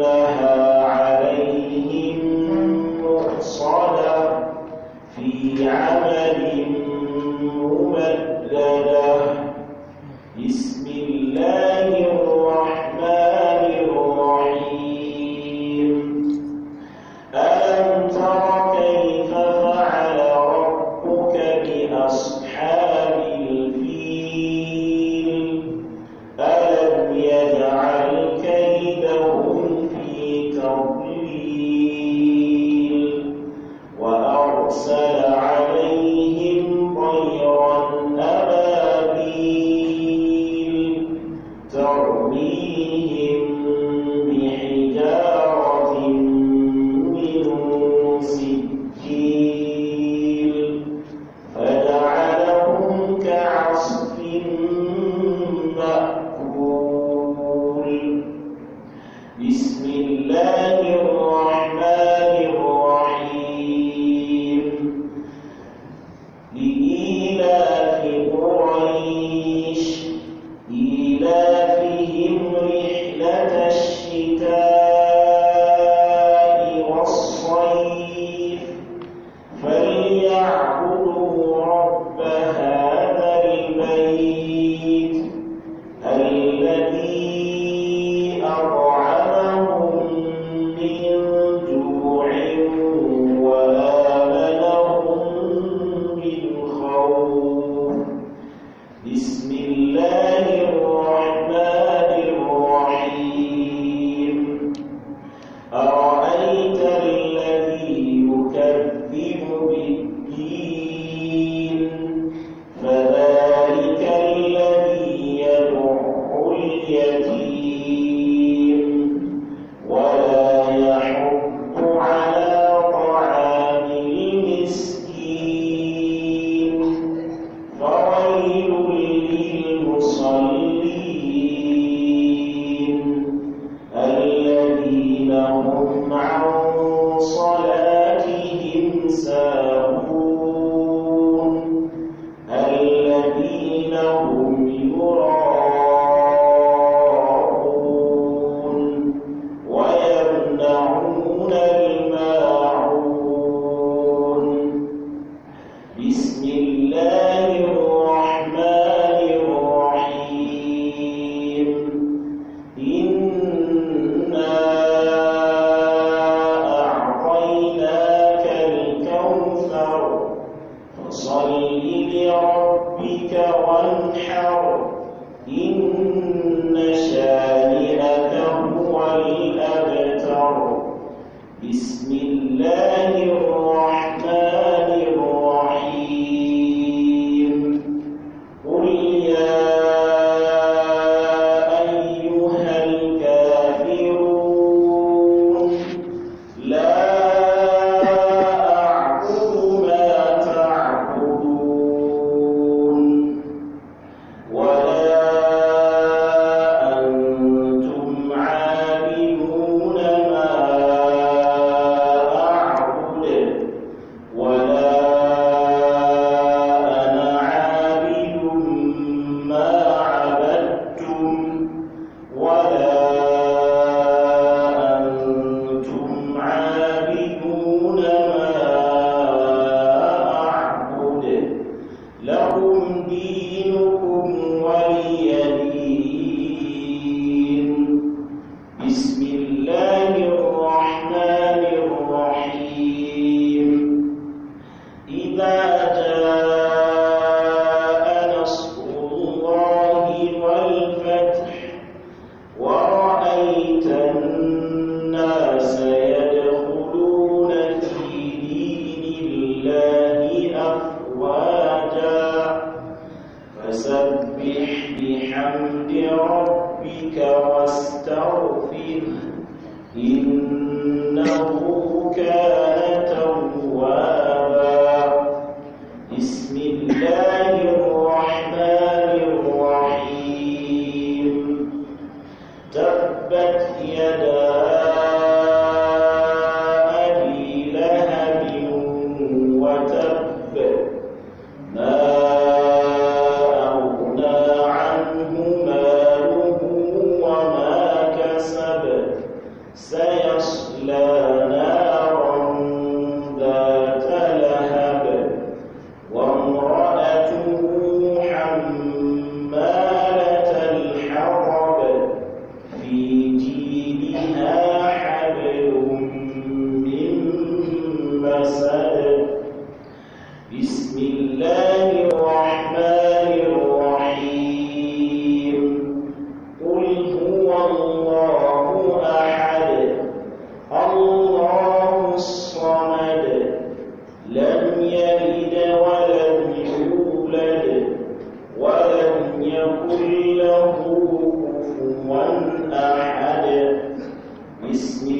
كلها عليهم مؤصدة في عام So. الذين هم يراءون بسم الله الرحمن in is